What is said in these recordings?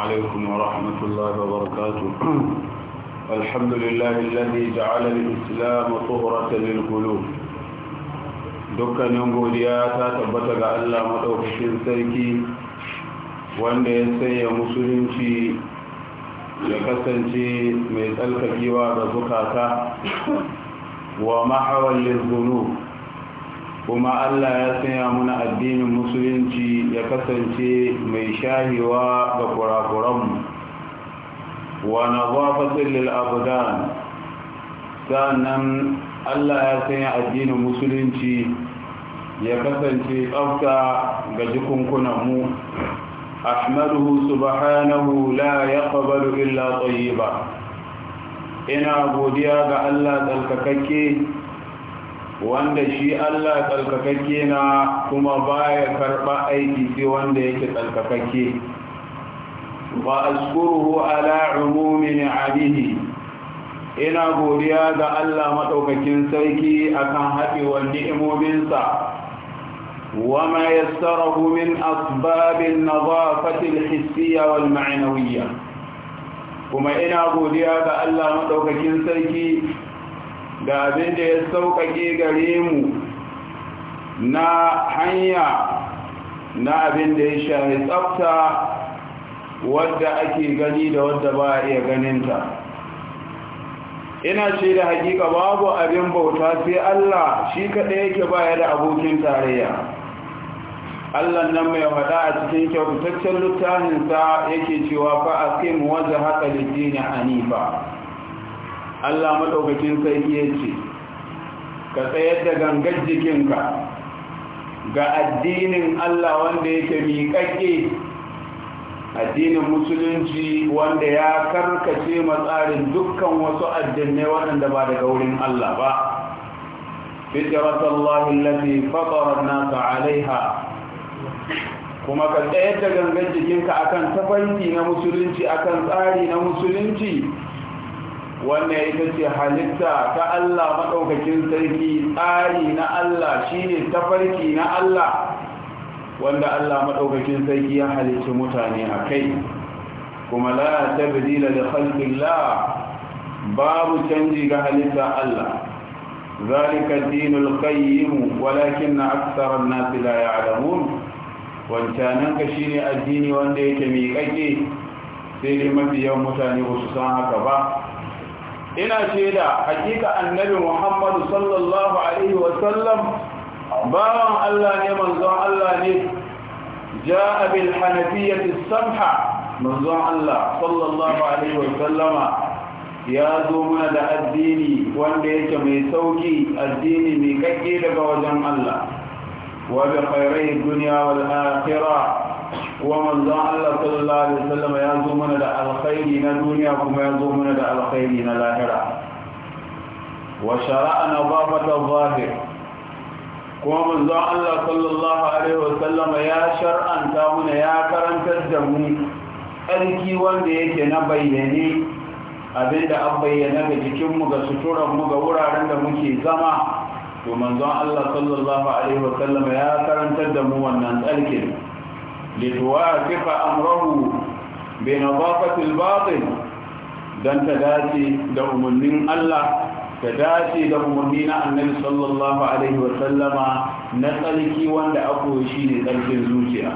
عليكم ورحمة الله وبركاته الحمد لله الذي جعل الإسلام طهرة للقلوب dukkan godiya ta tabbata ga Allah maɗaukakin sarki wanda ya sanya musulunci ya kasance mai tsalkakewa ga zukata wa mahawallin kuma Allah ya sanya muna addinin musulunci ya kasance mai shahiwa ga kurakuranmu wa nazafatin lil abdan sannan Allah ya sanya addinin musulunci ya kasance tsafta ga jikunkunanmu ahmaduhu subhanahu la yaqbalu illa ba ina godiya ga Allah tsalkakakke wanda shi Allah tsarkakakke na kuma baya karɓa aiki sai wanda yake tsarkakakke wa azkuruhu ala umumin abihi ina godiya ga Allah madaukakin sarki akan haɗewar ni'imominsa wa ma yassarahu min asbabin nadafati alhissiyya wal ma'nawiyya kuma ina godiya ga Allah madaukakin sarki da abin da ya sauƙaƙe gare mu na hanya na abin da ya shahi tsafta wadda ake gani da wadda ba a iya ganinta ina ce da hakika babu abin bauta sai Allah shi kaɗai yake baya da abokin tarayya Allah nan mai faɗa a cikin kyautaccen littafinsa yake cewa fa aqim wajhaka lid-din hanifa Allah madaukakin sarki yace ka tsayar da gangar jikinka ga addinin Allah wanda yake miƙaƙe addinin musulunci wanda ya karkace matsarin dukkan wasu addinai waɗanda ba daga wurin Allah ba fitratallahi allati fatara an-nasa 'alayha kuma ka tsayar da gangan jikinka akan tafarki na musulunci akan tsari na musulunci wannan ita ce halitta ta Allah maɗaukakin sarki tsari na Allah shine tafarki na Allah wanda Allah maɗaukakin sarki ya halicci mutane a kai kuma la tabdila da la'a. babu canji ga halitta Allah zalika dinul qayyim walakin aktsara an-nas la ya'lamun wancananka shine addini wanda yake miƙaƙe sai dai mafi yawan mutane ba su san haka ba ina shaida hakika annabi muhammadu sallallahu alaihi wasallam bawan allah ne manzon allah ne ja bil hanafiyyati samha manzon allah sallallahu alaihi wasallama ya zo mana da addini wanda yake mai sauki addini mai kakke daga wajen allah wa bi khairai dunya wal akhirah kuma manzon Allah sallallahu alaihi wasallam ya zo mana da alkhairi na duniya kuma ya zo mana da alkhairi na lahira wa shara'ana babata zahir kuma manzon Allah sallallahu alaihi wasallam ya shar'anta mana ya karantar da mu tsarki wanda yake na bayyane abinda an bayyana ga jikinmu ga suturanmu ga wuraren da muke zama to manzon Allah sallallahu alaihi wasallam ya karantar da mu wannan tsarkin لتوافق أمره بنظافة الباطن دان تداتي دأمنين الله تداتي دأمنين النبي صلى الله عليه وسلم نسألك وان دأكو شيني تلك الزوجية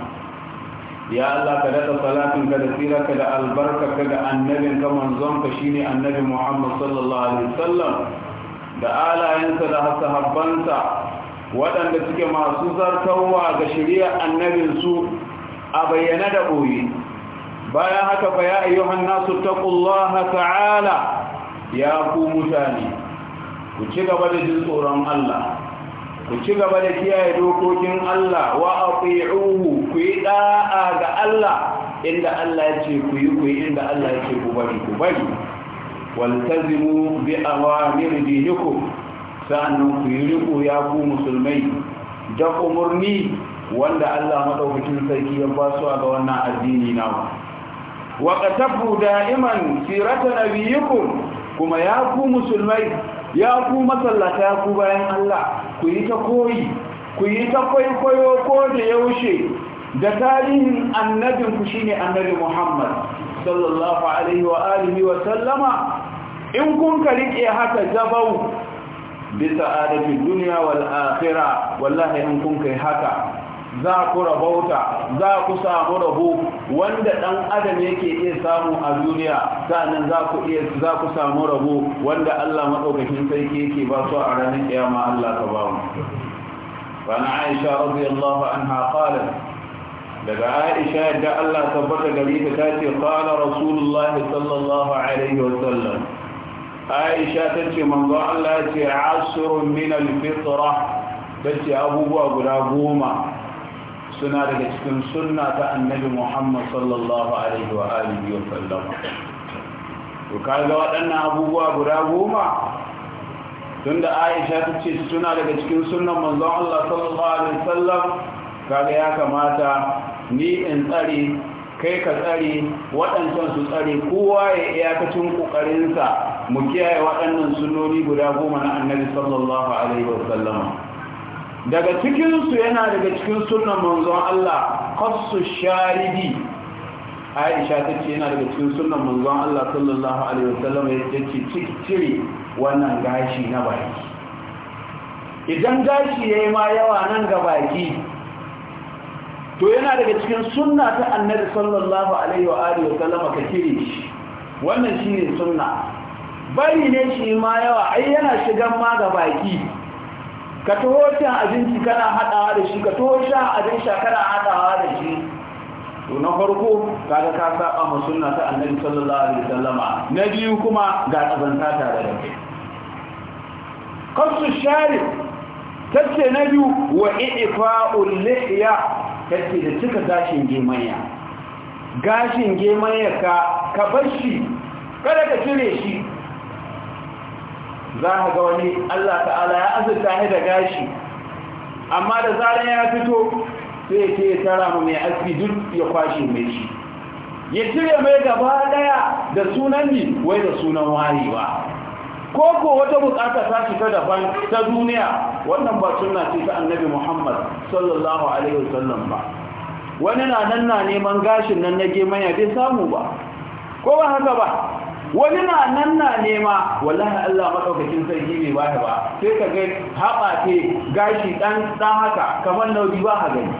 يا الله كدت صلاة كدسيرة كدا البركة كدا النبي كمنظم كشيني النبي محمد صلى الله عليه وسلم da alayensa da sahabbansa waɗanda suke masu zartarwa ga shari'ar annabinsu a bayyana da ɓoye bayan haka fa ya ayyuhan nasu taqullaha ta'ala ya ku mutane ku ci gaba da jin tsoron Allah ku ci gaba da kiyaye dokokin Allah wa ati'uhu ku yi da'a ga Allah inda Allah ya ce ku yi ku yi inda Allah ya ku bari ku bari waltazimu bi awamir dinikum sa'annu ku yi riko ya ku musulmai da umarni wanda Allah madaukakin sarki ya ba su ga wannan addini namu wa qatabu da'iman sirata nabiyikum kuma ya ku musulmai ya ku masallata ya ku bayan Allah ku yi ta koyi ku yi ta kwaikwayo ko da yaushe da tarihin annabin ku shine annabi Muhammad sallallahu alaihi wa alihi wa sallama in kun ka haka jabau bisa adabin duniya wal akhirah wallahi in kun kai haka za ku rabauta za ku samu rabo wanda dan adam yake iya samu a duniya sannan za ku iya za ku samu rabo wanda Allah madaukakin sarki yake ba su a ranar kiyama Allah ka ba mu wa na Aisha radiyallahu anha qalat daga Aisha da Allah tabbata gari ta tace qala Rasulullah sallallahu alaihi wa sallam Aisha tace manzo Allah ya ce asrun min al-fitra tace abubuwa guda goma suna daga cikin suna ta annabi muhammad sallallahu alaihi wa alihi wa sallama to kaga waɗannan abubuwa guda goma tunda aisha ta ce suna daga cikin sunan manzon allah sallallahu alaihi wa sallam kaga ya kamata ni in tsare kai ka tsare waɗancan su tsare kowa ya iyakacin ƙoƙarinsa mu kiyaye waɗannan sunoni guda goma na annabi sallallahu alaihi wa sallama daga cikinsu yana daga cikin sunan manzon Allah khassu sharidi Aisha ta ce yana daga cikin sunan manzon Allah sallallahu alaihi wasallam ya ce cire wannan gashi na baki idan gashi yayi ma yawa nan ga baki to yana daga cikin sunna ta annabi sallallahu alaihi wa alihi wasallam ka cire shi wannan shine sunna bari ne shi ma yawa ai yana shigan ma ga baki ka taho shan abinci kana haɗawa da shi ka taho shan abin sha kana haɗawa da shi to na farko kaga ka saba ma sunna ta annabi sallallahu alaihi wasallama na biyu kuma ga tsabanta tare da kai kasu shari tace na biyu wa ifa'ul lihya tace da cika gashin gemanya gashin gemanya ka ka bar shi kada ka cire shi za a ga wani Allah ta'ala ya azurta shi da gashi amma da zarar ya fito sai ya ce ya tara mu mai aski duk ya kwashe mai shi ya cire mai gaba daya da sunan ni wai da sunan wayewa ko ko wata bukata ta fita daban ta duniya wannan ba sunna ce ta annabi Muhammad sallallahu alaihi wasallam ba wani na nan na neman gashin nan na gemanya bai samu ba ko ba haka ba wani na nan na nema wallahi Allah madaukakin sarki ne ba ba sai ka ga haba ce gashi dan dan haka kamar nauyi ba ha gani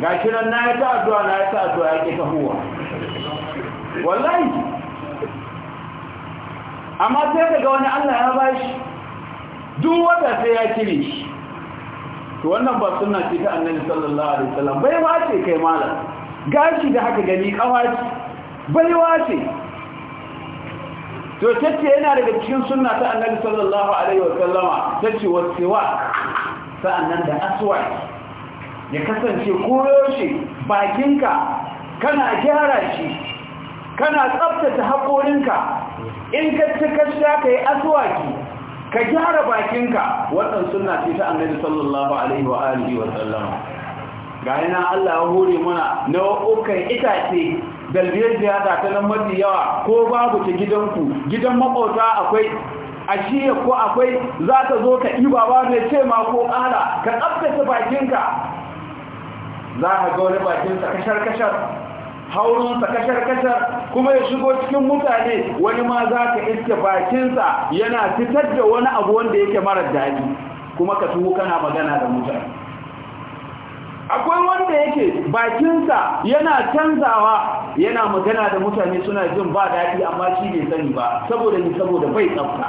gashi nan na ya ta addu'a na ya ta addu'a ya ta huwa wallahi amma sai ka ga wani Allah ya bashi duk wata sai ya kire shi to wannan ba sunna ce ta annabi sallallahu alaihi wasallam bai wace kai malam gashi da haka gani kawaci baiwa ce to tace yana daga cikin sunna ta annabi sallallahu alaihi wasallama tace wasiwa sa'annan da aswai ya kasance koyoshi bakinka kana gyara shi kana tsaftace hakorinka in ka ci kasha kai yi aswaki ka gyara bakinka wannan sunna ce ta annabi sallallahu alaihi wa alihi wasallama ga yana Allah ya hore muna nau'ukan itace dalbiyar da ta nan mafi yawa ko babu ta gidanku gidan makota akwai a ashiya ko akwai za ka zo ka iba ba mai ce ma ko ƙara ka tsabtace bakinka za ka ga wani bakinsa kashar-kashar haurinsa kashar-kashar kuma ya shigo cikin mutane wani ma za ka iske bakinsa yana fitar da wani abu wanda yake marar daji kuma ka tuhu kana magana da mutane akwai wanda yake bakinsa yana canzawa yana magana da mutane suna jin ba daɗi amma shi ne sani ba saboda ni saboda bai tsafta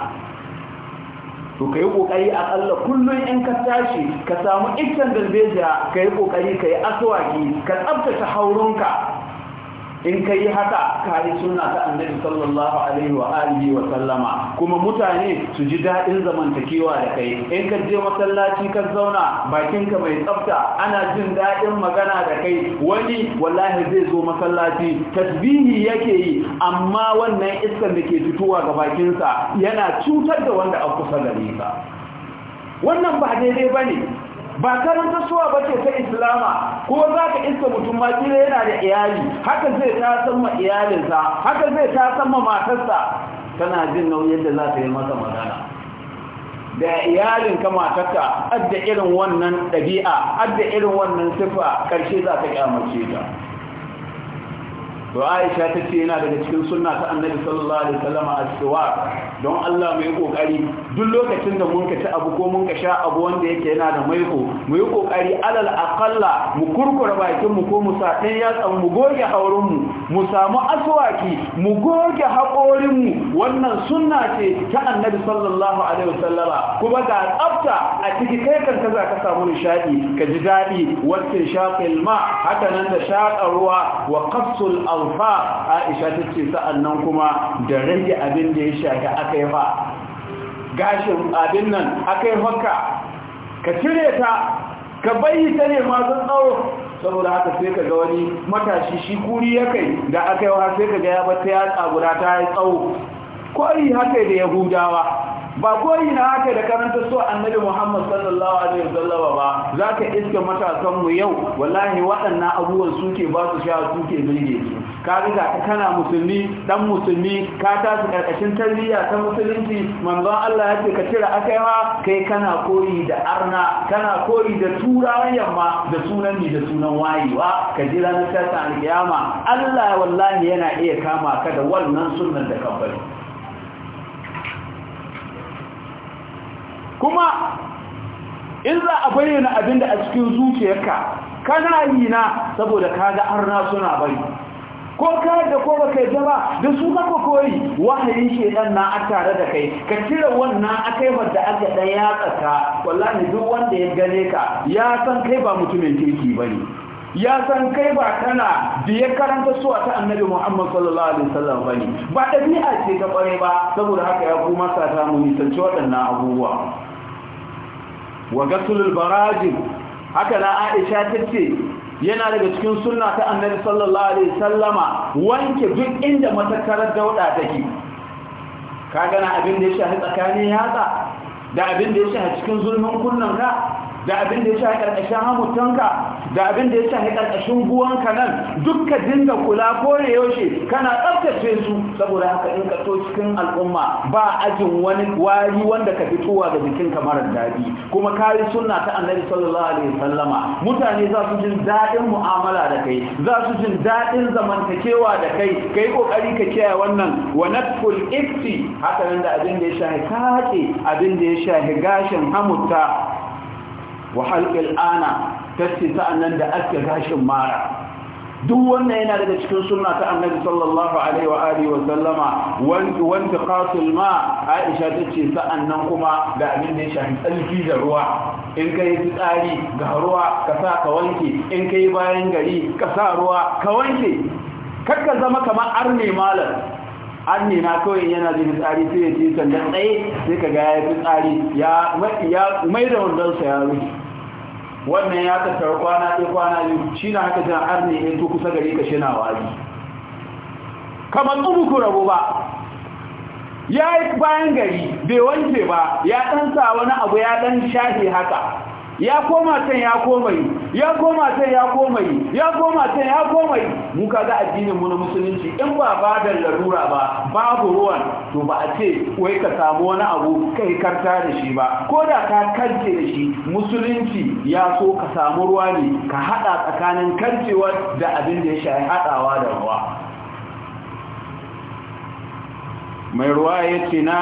to kai kokari akalla kullum in ka tashi ka samu iccen dalbejiya kai kokari kai aswaki ka tsaftace haurunka in ka yi haka ka yi suna ta annabi sallallahu alaihi wa alihi wa sallama kuma mutane su ji daɗin zamantakewa da kai in ka je masallaci ka zauna bakinka mai tsafta ana jin daɗin magana da kai wani wallahi zai zo masallaci tasbihi yake yi amma wannan iskar da ke fitowa ga bakinsa yana cutar da wanda a kusa gare wannan ba daidai ba ne ba karanta suwa ba ce ta islama ko za ka iska mutum ma kira yana da iyali haka zai ta san ma iyalinsa haka zai ta san ma matarsa tana jin nauyin da za ta yi masa magana da iyalin ka matarka adda irin wannan ɗabi'a adda irin wannan siffa, ƙarshe za ta ƙyamace ta to aisha ta ce yana daga cikin sunna ta annabi sallallahu alaihi wasallam a cewa don Allah mu yi kokari duk lokacin da mun ka ci abu ko mun ka sha abu wanda yake yana da maiko mu yi kokari alal aqalla mu kurkura bakin mu ko mu sa ɗan yatsa mu goge haurin mu mu samu aswaki mu goge haƙorin mu wannan sunna ce ta annabi sallallahu alaihi wasallam kuma ga tsafta a ciki kai kan kaza ka samu nishadi ka ji daɗi wacce shaqil ma haka nan da shaƙa ruwa wa qafsul fa aisha ta ce sa'annan kuma da rage abin da ya shafi aka fa gashin abin nan aka yi ka cire ta ka bayi ta ne masu tsawo saboda haka sai ka ga wani matashi shi kuri ya kai da aka wa sai ka ga ya bata ya tsagura ta yi tsawo kwari haka da yahudawa ba koyi na haka da karanta so annabi Muhammad sallallahu alaihi wasallam ba zaka iske matasan mu yau wallahi waɗannan abubuwan suke ba su sha suke bilge su ka riga ka kana musulmi dan musulmi ka tashi karkashin tarbiyya ta musulunci manzon Allah ya ce ka tira akaiwa kai kana koyi da arna kana koyi da turawan yamma da sunan ni da sunan wayewa ka jira na tashin alkiyama Allah wallahi yana iya kama ka da wannan sunnan da kan kuma in za a bayyana abin da a cikin zuciyarka kana yi na saboda kaga na suna bari ko ka da ko baka yi ba da su ka koyi wahayin shaidan na a tare da kai ka cire wannan akai da aka dan yatsa tsaka wallahi duk wanda ya gane ka ya san kai ba mutumin kirki bane ya san kai ba kana da ya karanta su a ta annabi Muhammad sallallahu alaihi wasallam bane ba dabi'a ce ta kware ba saboda haka ya kuma sa ta mu nisanci waɗannan abubuwa wa gasulul barajin haka da aisha ta ce yana daga cikin sunna ta annabi sallallahu alaihi sallama wanke duk inda matakarar dauda take ka gana abin da ya shahi tsakanin yatsa da abin da ya cikin zulmin kunnanka, da abin da ya shahi ƙarƙashin hamutanka da abin da ya shahi guwan ka nan ka dinga kula ko da yaushe kana tsaftace su saboda haka in ka to cikin al'umma ba ajin wani wari wanda ka fitowa da jikin ka marar daɗi kuma kari sunna ta annabi sallallahu alaihi wasallama mutane za su jin daɗin mu'amala da kai za su jin daɗin zamantakewa da kai kai kokari ka kiyaye wannan wa natful ifti haka nan da abin da ya shahi kace abin da ya shahi gashin hamutta wa halqil ana tace sa'annan da aske gashin mara duk wannan yana daga cikin sunna ta annabi sallallahu alaihi wa alihi wa sallama wanda qatil ma aisha tace sa'annan kuma da abin da ya shafi tsalki da ruwa in kai fitsari ga ruwa ka sa ka wanke in kai bayan gari ka sa ruwa ka wanke kakka zama kamar arne malam anni na kawai yana da fitsari sai ya ce sandan tsaye sai ka ga ya fi tsari ya mai da wandonsa ya rufe wannan ya tattara kwana ɗaya kwana biyu shi na haka jan arne ya to kusa gari ka shina wari kamar tsubu ku rabu ba ya yi bayan gari bai wanke ba ya ɗansa wani abu ya ɗan shafe haka ya koma can ya koma yi ya goma can ya goma yi ya goma can ya goma yi mu kaga addinin mu na musulunci in ba ba da larura ba babu ruwan to ba a ce wai ka samu wani abu kai karta da shi ba ko da ka kance da shi musulunci ya so ka samu ruwa ne ka hada tsakanin kancewa da abin da ya shafi hadawa da ruwa mai ruwa ya ce na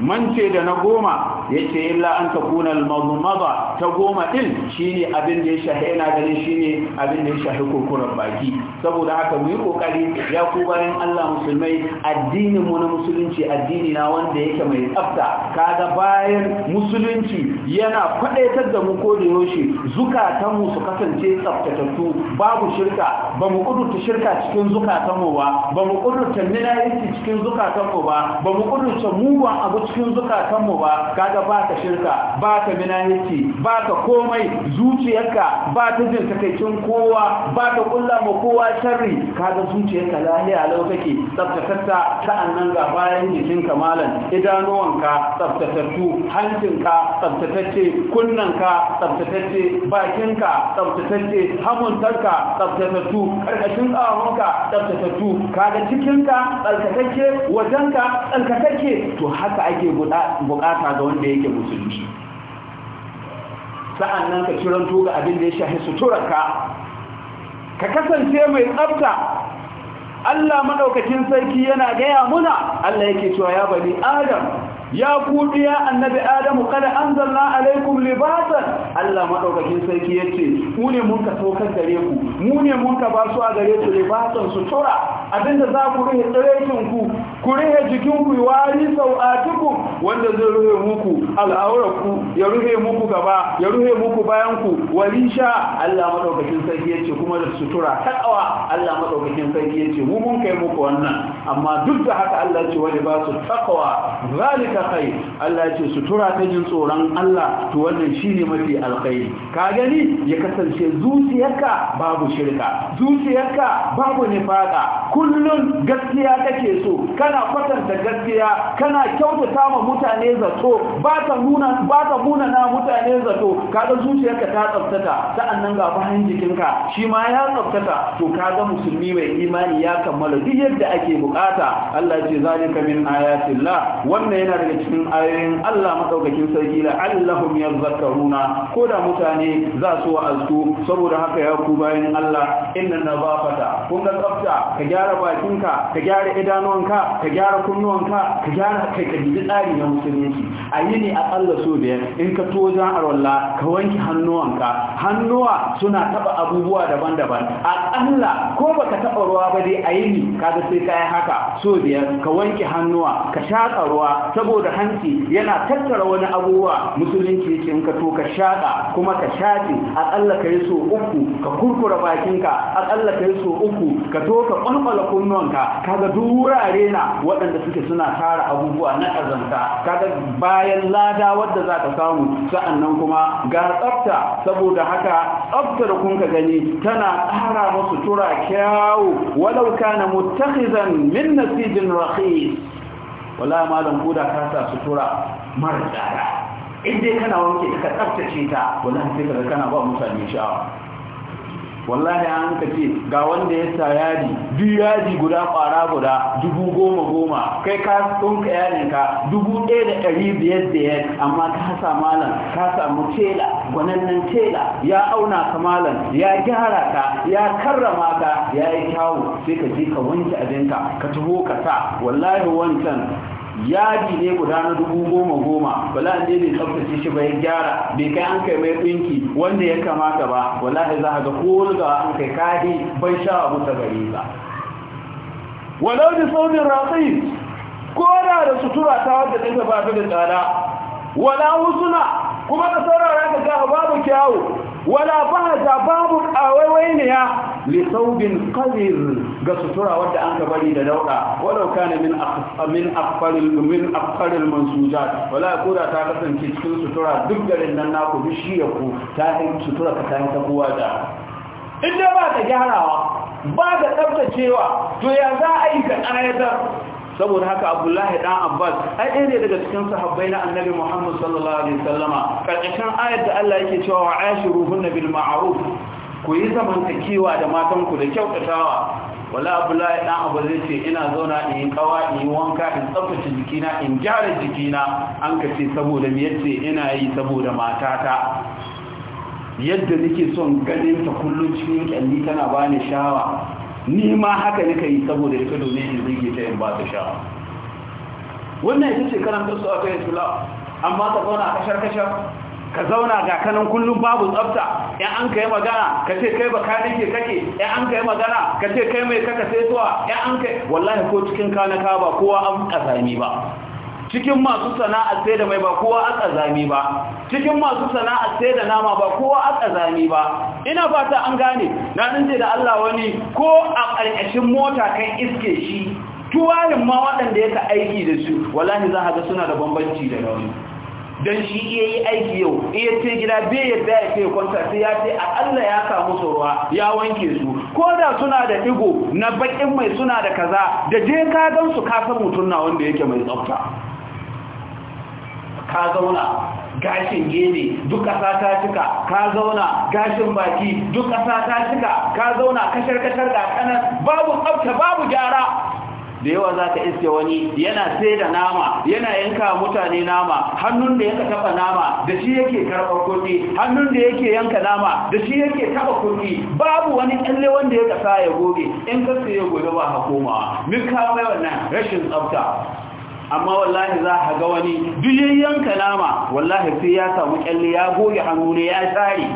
man ce da na goma ya ce illa an ta kuna mazmaza ta goma din shine abin da ya shahi yana ganin shine abin da ya shahe kurkurar baki saboda haka mu yi kokari ya ku bayan Allah musulmai addinin mu na musulunci addini na wanda yake mai tsafta kaga bayan musulunci yana kwadaitar da mu ko da yaushe zukatan mu su kasance tsaftatattu babu shirka ba mu kudurta shirka cikin zukatan mu ba ba mu kudurta ninayisti cikin zukatan mu ba ba mu kudurta mugun abu cikin zukatanmu ba kaga ba ka shirka ba ka minahici ba ka komai zuciyarka ba ta jin takaicin kowa ba ta kulla ma kowa sharri kaga zuciyarka lahiya lau take tsaftatatta annan ga bayan jikin kamalan idanuwanka tsaftatattu hancinka tsaftatacce kunnanka tsaftatacce bakinka tsaftatacce hamuntarka tsaftatattu karkashin tsawonka tsaftatattu kaga cikinka wajen wajenka tsarkakacce to haka ake bukata ga wanda yake musulmi nan ka ciranto ga abin da ya shahi suturarka ka kasance mai tsafta Allah maɗaukacin sarki yana gaya muna Allah yake cewa ya bari adam ya ku ya annabi adamu kada anzalna alaikum libasan Allah madaukakin sarki yace mu ne mun ka tokar gare ku mu ne mun ka ba su a gare su libasan su tura abinda za ku rihe tsirekin ku ku rihe jikin ku wari sau'atukum wanda zai ruhe muku al'aurar ku ya ruhe muku gaba ya ruhe muku bayan ku walisha Allah madaukakin sarki yace kuma da sutura takawa Allah madaukakin sarki yace mu mun kai muku wannan amma duk da haka Allah ce wani ba su takawa zalika zalika Allah ce sutura ta jin tsoron Allah to wannan shine mafi alkhairi ka gani ya kasance zuciyarka babu shirka zuciyarka babu nifaka kullun gaskiya kake so kana kwatanta gaskiya kana kyautata ma mutane zato ba ta nuna ba ta nuna na mutane zato kaga zuciyarka ta tsaftata sa'annan ga bayan jikinka shi ma ya tsaftata to kaga musulmi mai imani ya kammala duk yadda ake bukata Allah ya ce zalika min ayatillah wannan yana daga cikin ayoyin Allah madaukakin sarki allahum yadhakkaruna ko da mutane za su wa'azu saboda haka ya ku bayan Allah inna nazafata kun ga tsafta ka gyara bakinka ka gyara idanuwanka ka ka gyara kunnuwan ka gyara kai ka bi tsari na musulunci a yini a akalla so biyar in ka to jan arwalla ka wanke hannuwanka hannuwa suna taba abubuwa daban-daban a allah ko baka taba ruwa ba dai a yini ne kaga sai ka haka so biyar ka wanke hannuwa ka shaƙa ruwa saboda saboda hanci yana tattara wani abubuwa musulunci yake in ka to ka shaƙa kuma ka shaƙe aƙalla ka yi so uku ka kurkura bakinka aƙalla ka yi so uku ka to ka ƙwalƙwala kunnuwanka kaga duk wurare na waɗanda suke suna tara abubuwa na ƙazanta kaga bayan lada wadda za ka samu sa'annan kuma ga tsafta saboda haka tsaftar kun ka gani tana ƙara masu tura kyawu walau kana muttakhizan min nasijin rakhis wala malam guda ka sa sutura mara tsara inda dai kana wanke ka tsaftace ta wallahi sai ka kana ba mutane sha'awa wallahi an ka ce ga wanda ya sa yadi duk yadi guda kwara guda dubu goma goma kai ka tsunka ka dubu ɗaya da ɗari biyar biyar amma ka sa malam ka samu tela gwanannen tela ya auna ka malam ya gyara ka ya karrama ka ya yi kyawu sai ka je ka wanke abinka ka taho ka sa wallahi wancan yadi ne guda na dubu goma goma wala ne bai tsaftace shi ba ya gyara bai kai an kai mai ɗinki wanda ya kamata ba Wala ne za ga ko ga an kai kadi bai sha abu ta gari ba walau da saurin ratsayi ko da da sutura ta wadda take ba da tsada wala husuna kuma da saurara ka ga babu kyau. wala bahaza babu qawaiwaiya li thawbin qadir ga sutura wadda an bari da dauka walau kana min min aqfaril min aqfaril mansujat wala koda ta kasance cikin sutura duk garin nan naku bishiya ku ta hin sutura ka ta ta kowa da in ba ta gyarawa ba da tsaftacewa to ya za a yi ka ƙayatar saboda haka abdullahi dan abbas ai ɗaya ne daga cikin sahabbai na annabi muhammad sallallahu alaihi wasallama karkashin ayar da Allah yake cewa wa ashiruhunna bil ma'aruf ku yi zamantakewa da matan ku da kyautatawa wala abdullahi dan abu zai ce ina zauna in yi kawa in yi wanka in tsaftace jikina in gyara jikina an ka ce saboda me yace ina yi saboda matata yadda nake son ganin ta kullum cikin kyalli tana bani shawa ni ma haka nika yi saboda ita dole in zai ta yin ba ta sha wannan ita ce karanta su a kai islam amma ka zauna a kashar-kashar ka zauna ga kanan kullum babu tsafta ya an kai magana ka ce kai ba ke kake ya an kai magana ka ce kai mai kaka sai zuwa ya an kai wallahi ko cikin kana ka ba kowa an kazami ba cikin masu sana'a sai da mai ba kowa a ba cikin masu sana'a sai da nama ba kowa a ƙazami ba ina fata an gane na ɗince da Allah wani ko a ƙarƙashin mota kan iske shi tuwayin ma waɗanda ya aiki da su wallahi za ga suna da bambanci da rauni don shi iya yi aiki yau iya ce gida bai yadda ya ce kwanta sai ya ce Allah ya samu tsoruwa ya wanke su ko da suna da digo na baƙin mai suna da kaza da je ka don su kasan mutum na wanda yake mai tsafta ka zauna gashin gene duk ƙasa ta cika ka zauna gashin baki duk ƙasa ta cika ka zauna kashar-kashar da kanan babu tsabta babu gyara da yawa za ka iske wani yana sai da nama yana yanka mutane nama hannun da yanka taba nama da shi yake karɓar kuɗi hannun da yake yanka nama da shi yake taba kuɗi babu wani tsalle wanda ya kasa ya goge in ka ya gobe ba hakoma min kawo mai wannan rashin tsabta amma wallahi za a ga wani duyayyen kalama wallahi sai ya samu kyalle ya goge hannu ne ya tsari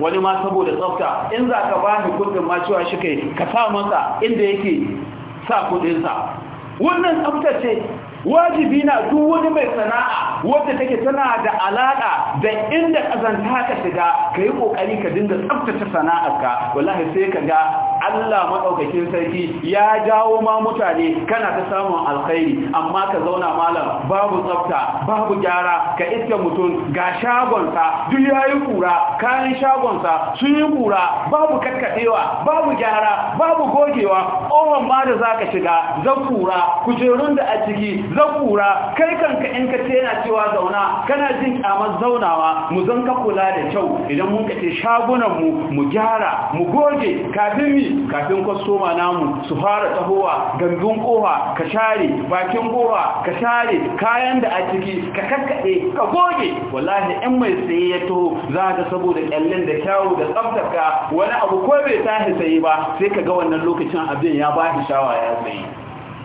wani ma saboda tsafta in za ka ba ni kudin ma cewa shi kai ka sa masa inda yake sa kudinsa wannan tsaftace ce wajibi na duk wani mai sana'a wadda take tana da alaƙa da inda kazanta ka shiga ka yi ƙoƙari ka dinga tsaftace sana'arka wallahi sai ka ga Allah maɗaukakin sarki ya jawo ma mutane kana ta samun alkhairi amma ka zauna malam babu tsafta babu gyara ka iska mutum ga shagonsa duk ya yi kura kayan shagonsa sun yi kura babu kakkaɗewa babu gyara babu gogewa ohon ma da za ka shiga zan kura kujerun da a ciki zan kura kai kanka in ka ce yana cewa zauna kana jin kyamar zaunawa mu zan ka kula da kyau idan mun kace shagunanmu mu gyara mu goge kafin mi kafin kwastoma namu su fara tahowa gangun koha ka share bakin koha ka share kayan da a ciki ka kakkaɗe ka goge wallahi in mai tsaye ya taho za ka saboda kyallin da kyawu da tsabtaka wani abu ko bai tashi tsaye ba sai ka ga wannan lokacin abin ya ba shi shawa ya tsaye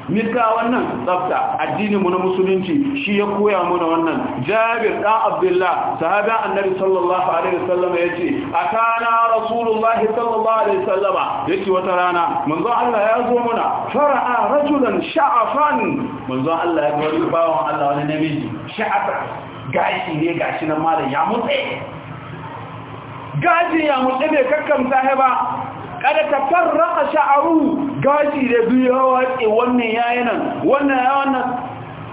misa wannan tsafta addini mu na musulunci shi ya koya mana wannan jabir dan abdullah sahaba annabi sallallahu alaihi wasallam yace atana rasulullah sallallahu alaihi wasallam yace wata rana manzo Allah ya zo muna fara'a rajulan sha'afan manzo Allah ya ga wani bawon Allah wani namiji sha'afa gashi ne gashi na malam ya mutse gashi ya mutse bai kakkamta ba kada ta farraka sha'aru gashi da biyu hawa ce wannan yayi nan wannan ya wannan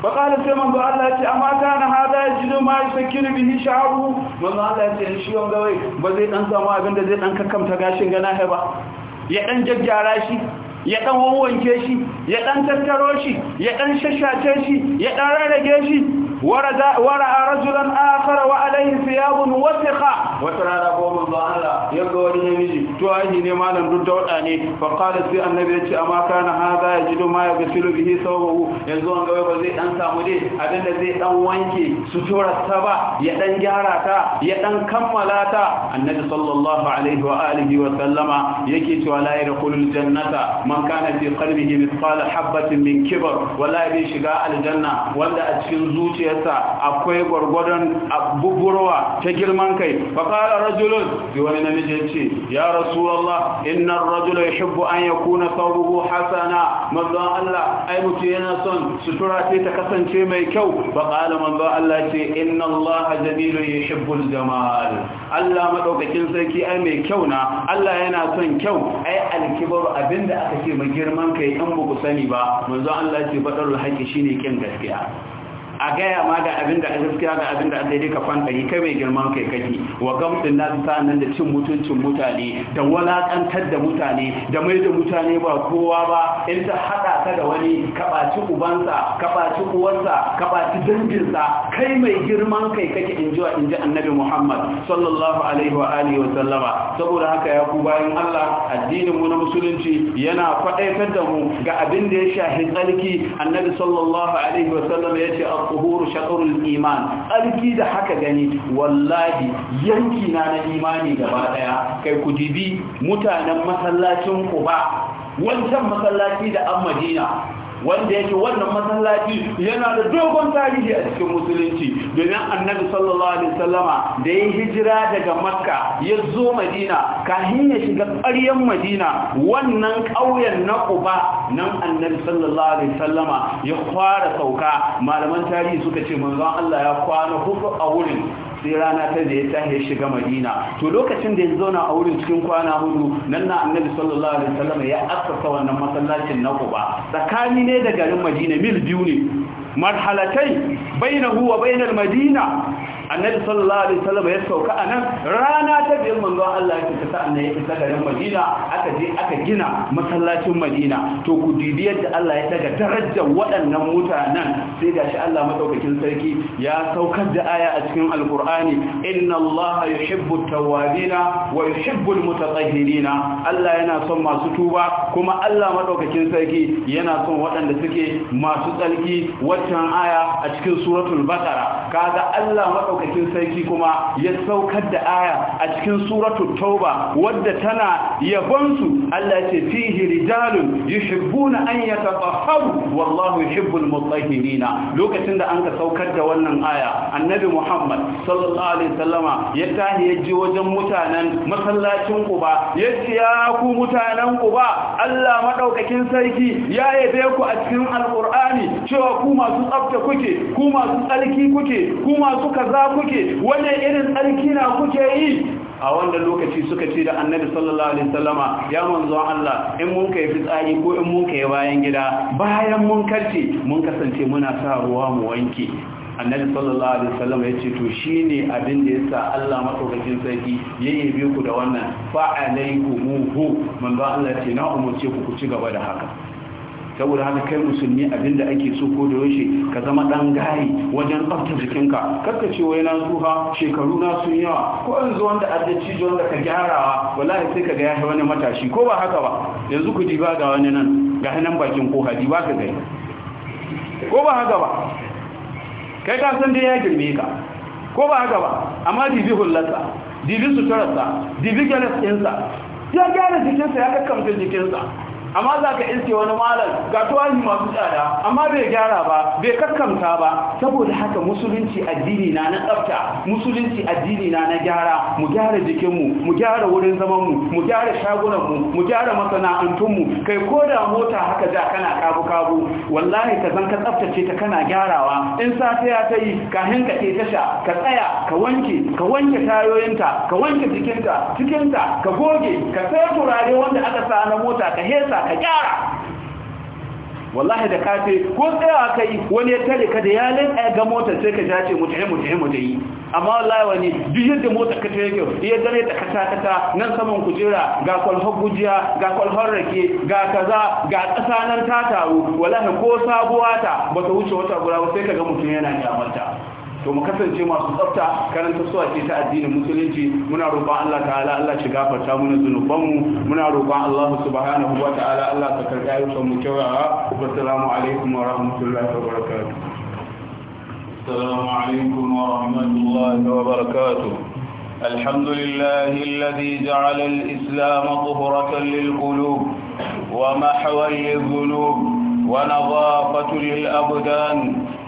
bakala sai ba Allah ya ce amma kana hada yajidu ma yasakir bihi sha'aru manzo Allah ya ce shi wanga wai ba zai dan samu abin da zai dan kakkamta gashin gana ba ya dan jajjara shi ya dan wawwanke shi ya dan tattaro shi ya dan shashace shi ya dan rarrage shi ورأى رجلا آخر وعليه ثياب وثقة وترانا قوم الله يبدو أن يجي تواهي نمالا ضد وطاني فقال سي النبي يتي أما كان هذا يجد ما يغسل به ثوبه يزو أن غيب زي أن سامدي أبن زي أن وانكي ستورة السبا يدن جارتا يدن كملاتا النبي صلى الله عليه وآله وسلم يكي ولا يدخل الجنة من كان في قلبه مثقال حبة من كبر ولا يشقى الجنة ولا أتشن زوجي zuciyarsa akwai gwargwadon abubuwa ta girman kai fa qala rajulun bi wani namiji yace ya rasulullah inna ar-rajula yuhibbu an yakuna thawbuhu hasana manzo Allah ai mutu yana son sutura ce ta kasance mai kyau fa qala manzo Allah ce inna Allah jamilun ya al-jamal Allah madaukakin sarki ai mai kyau na Allah yana son kyau ai alkibar abinda aka ce mai girman kai in ba ku sani ba manzo Allah ce faɗar haqi shine kin gaskiya a gaya ma ga abin da gaskiya ga abin da a daidai ka fankari kai mai girman kai kake wa gamsin na nan da cin mutuncin mutane da walakantar da mutane da mai da mutane ba kowa ba in ta haɗa ta da wani kaɓaci ubansa kaɓaci uwarsa kaɓaci danginsa kai mai girman kai kake in ji in ji annabi muhammad sallallahu alaihi wa alihi wa sallama saboda haka ya ku bayan allah addinin mu na musulunci yana faɗaitar da mu ga abin da ya shahi tsarki annabi sallallahu alaihi wa sallam ya ce al-tuhuru iman alki da haka gani wallahi yanki na na imani gaba daya kai ku jibi mutanen masallacin ba, wancan masallaci da an Madina wanda yake wannan masallaci yana da dogon tarihi a cikin musulunci domin annabi sallallahu alaihi wasallama da ya hijira daga makka ya zo madina kafin ya shiga ƙaryar madina wannan ƙauyen na uba nan annabi sallallahu alaihi wasallama ya fara sauka malaman tarihi suka ce manzon Allah ya kwana hudu a wurin sai rana ta da ya shi shiga madina to lokacin da ya zauna a wurin cikin kwana hudu nan na annabi sallallahu alaihi wasallam ya assasa wannan masallacin na kuba tsakani ne da garin madina mil biyu ne marhalatai bainahu wa bainal madina annabi sallallahu alaihi wasallam ya sauka anan rana ta biyar manzo Allah ya fita annabi ya fita garin Madina aka je aka gina masallacin Madina to ku dibi yadda Allah ya daga darajar waɗannan mutanen sai gashi Allah madaukakin sarki ya saukar da aya a cikin alkur'ani inna Allah yuhibbu tawwabina wa yuhibbu almutatahhirina Allah yana son masu tuba kuma Allah madaukakin sarki yana son waɗanda suke masu tsarki waccan aya a cikin suratul baqara kaga Allah madaukakin maɗaukakin sarki kuma ya saukar da aya a cikin suratu tauba wadda tana yabonsu Allah ce fihi rijalun yuhibbuna an yatatahharu wallahu yuhibbul mutahhirina lokacin da an ka saukar da wannan aya annabi Muhammad sallallahu alaihi wasallama ya tahi ya je wajen mutanen masallacin Quba ya ce ya ku mutanen Quba Allah madaukakin sarki ya yabe ku a cikin alqur'ani cewa ku masu tsafta kuke ku masu tsarki kuke ku masu kaza kuke wane irin tsarki na kuke yi a wanda lokaci suka ce da annabi sallallahu alaihi wasallama ya manzo Allah in mun kai fitsari ko in mun kai bayan gida bayan mun karce mun kasance muna sa ruwa mu wanke annabi sallallahu alaihi wasallama yace to shine abin da yasa Allah madaukakin sarki ya yabe ku da wannan fa alaikum hu manzo Allah ce na umurce ku ku ci gaba da haka saboda haka kai musulmi abinda ake so ko da yaushe ka zama dan gari wajen tsaftar jikinka karka ce wai na tsufa shekaru na sun yawa ko yanzu wanda addaci wanda ka gyarawa wallahi sai ka ga ya wani matashi ko ba haka ba yanzu ku diba ga wani nan ga nan bakin koha ba ka gani ko ba haka ba kai ka san dai ya girme ka ko ba haka ba amma dibi hullarsa dibi suturarsa dibi galas ya gyara jikinsa ya kakkamta jikinsa amma za ka iske wani malam ga tuwani masu tsada amma bai gyara ba bai kakkamta ba saboda haka musulunci addini na na tsafta musulunci addini na na gyara mu gyara jikinmu mu gyara wurin zamanmu mu gyara shagunanmu mu gyara masana'antunmu kai ko da mota haka da kana kabu kabu wallahi ka zan ka tsaftace ta kana gyarawa in safe ya ta yi ka hinka ke tasha ka tsaya ka wanke ka wanke tayoyinta ka wanke jikinta cikinta ka goge ka sai turare wanda aka sa na mota ka hesa ka gyara wallahi da ka ce ko tsaya ka yi wani ya tare ka da yalin a ga motar sai ka jace mutane mutane mutane amma wallahi wani duk yadda motar ka ta yake iya gane ta kata kata nan saman kujera ga kwalhar gujiya ga kwalhar rake ga kaza ga ƙasa nan ta taru wallahi ko sabuwa ta ba ta wuce wata guda ba sai ka ga mutum yana kyamarta to mu kasance masu tsafta karanta suwa ce ta addinin musulunci muna roƙon Allah ta'ala Allah shi gafarta mana zunubanmu muna roƙon Allah subhanahu wa ta'ala Allah ka karɓi ayyukan mu kyawawa wa assalamu alaikum wa rahmatullahi wa barakatuh السلام عليكم ورحمة الله وبركاته الحمد لله الذي جعل الإسلام طهرة للقلوب ومحوى للذنوب ونظافة للأبدان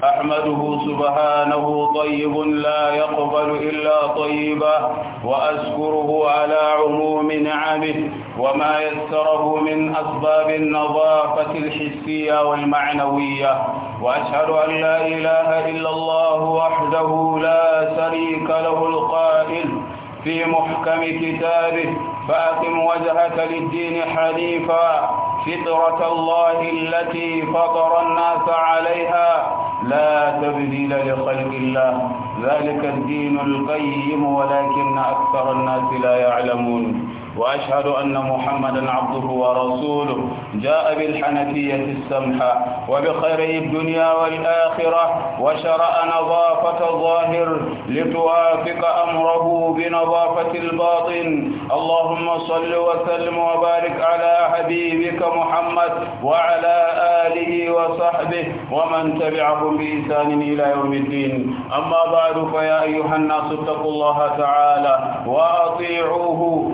أحمده سبحانه طيب لا يقبل إلا طيبا وأشكره على عموم نعمه وما يسره من أسباب النظافة الحسية والمعنوية وأشهد أن لا إله إلا الله وحده لا شريك له القائل في محكم كتابه فأقم وجهك للدين حنيفا فطرة الله التي فطر الناس عليها لا تبديل لخلق الله ذلك الدين القيم ولكن أكثر الناس لا يعلمون وأشهد أن محمدا عبده ورسوله جاء بالحنفية السمحة وبخير الدنيا والآخرة وشرع نظافة الظاهر لتوافق أمره بنظافة الباطن اللهم صل وسلم وبارك على حبيبك محمد وعلى آله وصحبه ومن تبعهم بإنسان إلى يوم الدين أما بعد فيا أيها الناس اتقوا الله تعالى وأطيعوه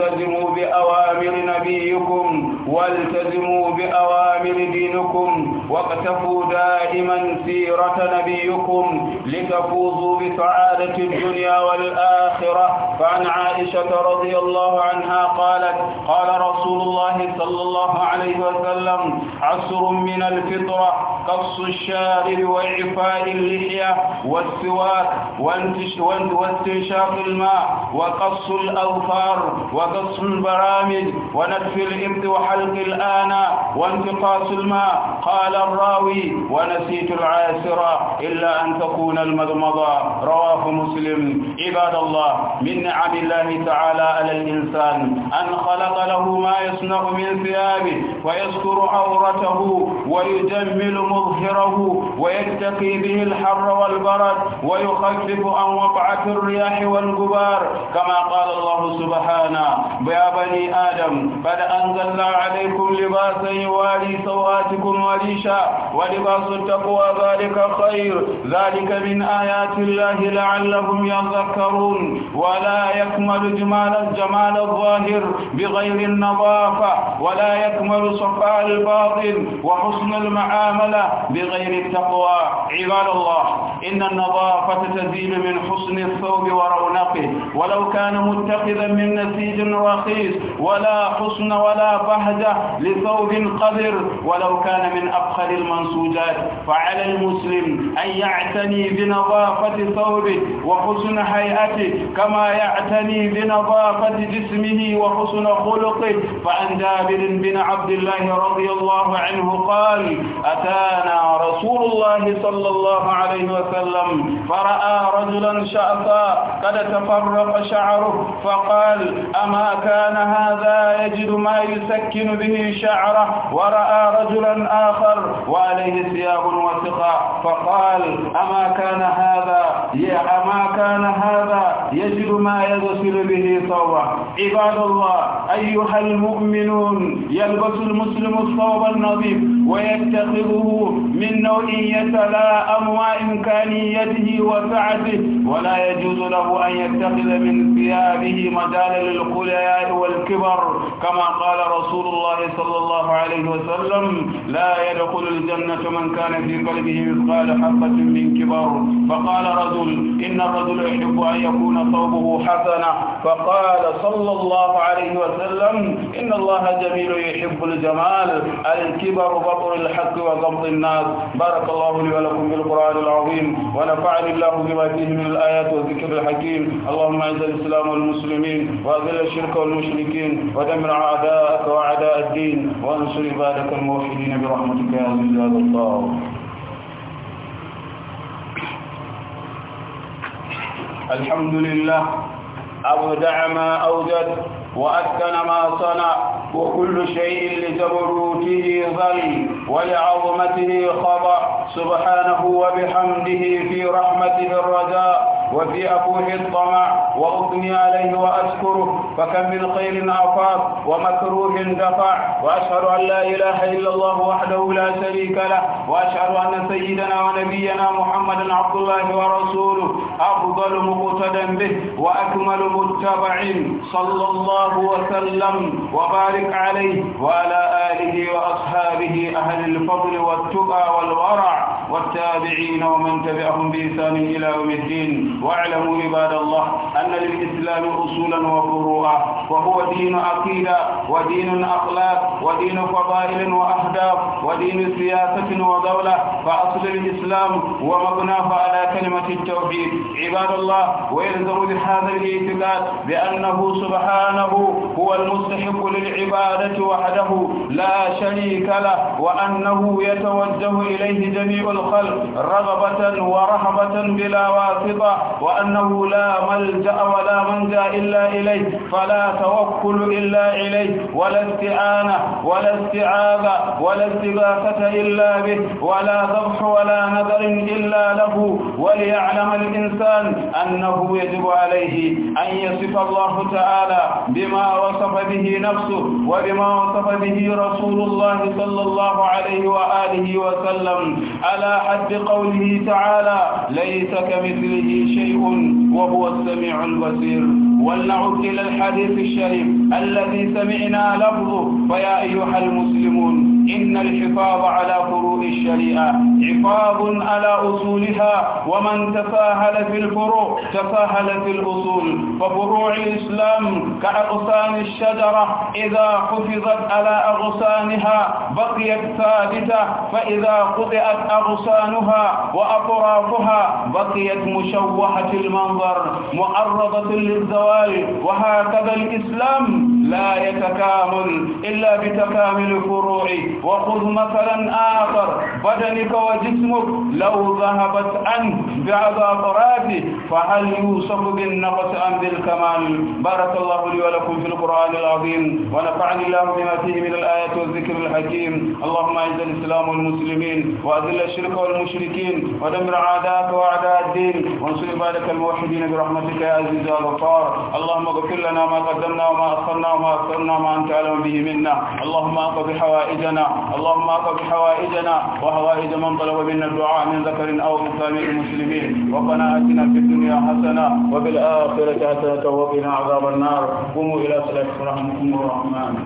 والتزموا بأوامر نبيكم والتزموا بأوامر دينكم واقتفوا دائما سيرة نبيكم لتفوزوا بسعادة الدنيا والآخرة فعن عائشة رضي الله عنها قالت قال رسول الله صلى الله عليه وسلم عسر من الفطرة قص الشارب وإعفاء اللحية والسواك وانتش... واستنشاق الماء وقص الأظفار وقص البرامج ونتف الإبط وحلق الآن وانتقاص الماء قال الراوي ونسيت العاسرة إلا أن تكون المضمضة رواه مسلم عباد الله من نعم الله تعالى على الإنسان أن خلق له ما يصنع من ثيابه ويستر عورته ويجمل مظهره ويتقي به الحر والبرد ويخفف عن وقعة الرياح والغبار كما قال الله سبحانه يا بني آدم قد أنزلنا عليكم لباسا يواري سواتكم وريشا ولباس التقوى ذلك خير ذلك من آيات الله لعلهم يذكرون ولا يكمل جمال الجمال الظاهر بغير النظافة ولا يكمل صفاء الباطن وحسن المعاملة بغير التقوى عباد الله إن النظافة تزيل من حسن الثوب ورونقه ولو كان متخذا من نسيج وخيس ولا حسن ولا بهجة لثوب قذر ولو كان من أبخل المنسوجات فعلى المسلم أن يعتني بنظافة ثوبه وحسن هيئته كما يعتني بنظافة جسمه وحسن خلقه فعن جابر بن عبد الله رضي الله عنه قال أتانا رسول الله صلى الله عليه وسلم فرأى رجلا شأثا قد تفرق شعره فقال أما كان هذا يجد ما يسكن به شعره ورأى رجلا آخر وعليه ثياب وثقاء فقال أما كان هذا أما كان هذا يجد ما يغسل به ثوبه عباد الله أيها المؤمنون يلبس المسلم الثوب النظيف ويتخذه من نوع أموى إمكانيته وسعته ولا يجوز له أن يتخذ من ثيابه مجال للقلياء والكبر كما قال رسول الله صلى الله عليه وسلم لا يدخل الجنة من كان في قلبه مثقال حبة من كبر فقال رجل إن الرجل يحب أن يكون ثوبه حسنا فقال صلى الله عليه وسلم إن الله جميل يحب الجمال الكبر وقول الحق وقبض الناس بارك الله لي ولكم بالقرآن العظيم ونفعني الله بما فيه من الآيات والذكر الحكيم اللهم أعز الإسلام والمسلمين وأذل الشرك والمشركين ودمر أعداءك وأعداء الدين وانصر عبادك الموحدين برحمتك يا عزيز هذا الله الحمد لله أودع ما أوجد وأتكن ما صنع وكل شيء لجبروته ظل ولعظمته خضع سبحانه وبحمده في رحمته الرجاء وفي أبوح الطمع وأثني عليه وأشكره فكم من خير أفاق ومكروه دفع وأشهد أن لا إله إلا الله وحده لا شريك له وأشهد أن سيدنا ونبينا محمدا عبد الله ورسوله أفضل مقتدا به وأكمل متبع صلى الله وسلم وبارك عليه وعلى آله وأصحابه أهل الفضل والتقى والورع والتابعين ومن تبعهم بإحسان إلى يوم الدين واعلموا عباد الله أن للإسلام أصولا وفروعا وهو دين عقيدة ودين أخلاق ودين فضائل وأهداف ودين سياسة ودولة فأصل الإسلام ومبناه على كلمة التوحيد عباد الله ويلزم بهذا الاعتقاد بأنه سبحانه هو المستحق للعبادة وحده لا شريك له وأنه يتوجه إليه جميع الخلق رغبة ورهبة بلا واسطة وأنه لا ملجأ ولا منجا إلا إليه فلا توكل إلا إليه ولا استعانة ولا استعاذة ولا استغاثة إلا به ولا ذبح ولا نذر إلا له وليعلم الإنسان أنه يجب عليه أن يصف الله تعالى بما وصف به نفسه وبما وصف به رسول الله صلى الله عليه وآله وسلم على حد قوله تعالى ليس كمثله شيء شيء وهو السميع البصير ولنعد إلى الحديث الشريف الذي سمعنا لفظه فيا أيها المسلمون إن الحفاظ على فروع الشريعة حفاظ على أصولها ومن تساهل في الفروع تساهل في الأصول ففروع الإسلام كأغصان الشجرة إذا حفظت على أغصانها بقيت ثابتة فإذا قطعت أغصانها وأطرافها بقيت مشوهة المنظر معرضة للزواج وهكذا الإسلام لا يتكامل إلا بتكامل فروعه وخذ مثلا آخر بدنك وجسمك لو ذهبت عنك بعض أفراته فهل يوصف بالنقص أم بالكمال بارك الله لي ولكم في القرآن العظيم ونفعني الله بما فيه من الآيات والذكر الحكيم اللهم أعز الإسلام والمسلمين وأذل الشرك والمشركين ودمر عاداك وأعداء الدين وانصر عبادك الموحدين برحمتك يا عزيز يا غفار اللهم اغفر لنا ما قدمنا وما أخرنا ما أكثرنا ما أنت أعلم به منا اللهم أقض حوائجنا اللهم أقض حوائجنا وحوائج من طلب منا الدعاء من ذكر أو أنثى من المسلمين ربنا آتنا في الدنيا حسنة وفي الآخرة حسنة وقنا عذاب النار قوموا إلى صلاتكم رحمكم الرحمن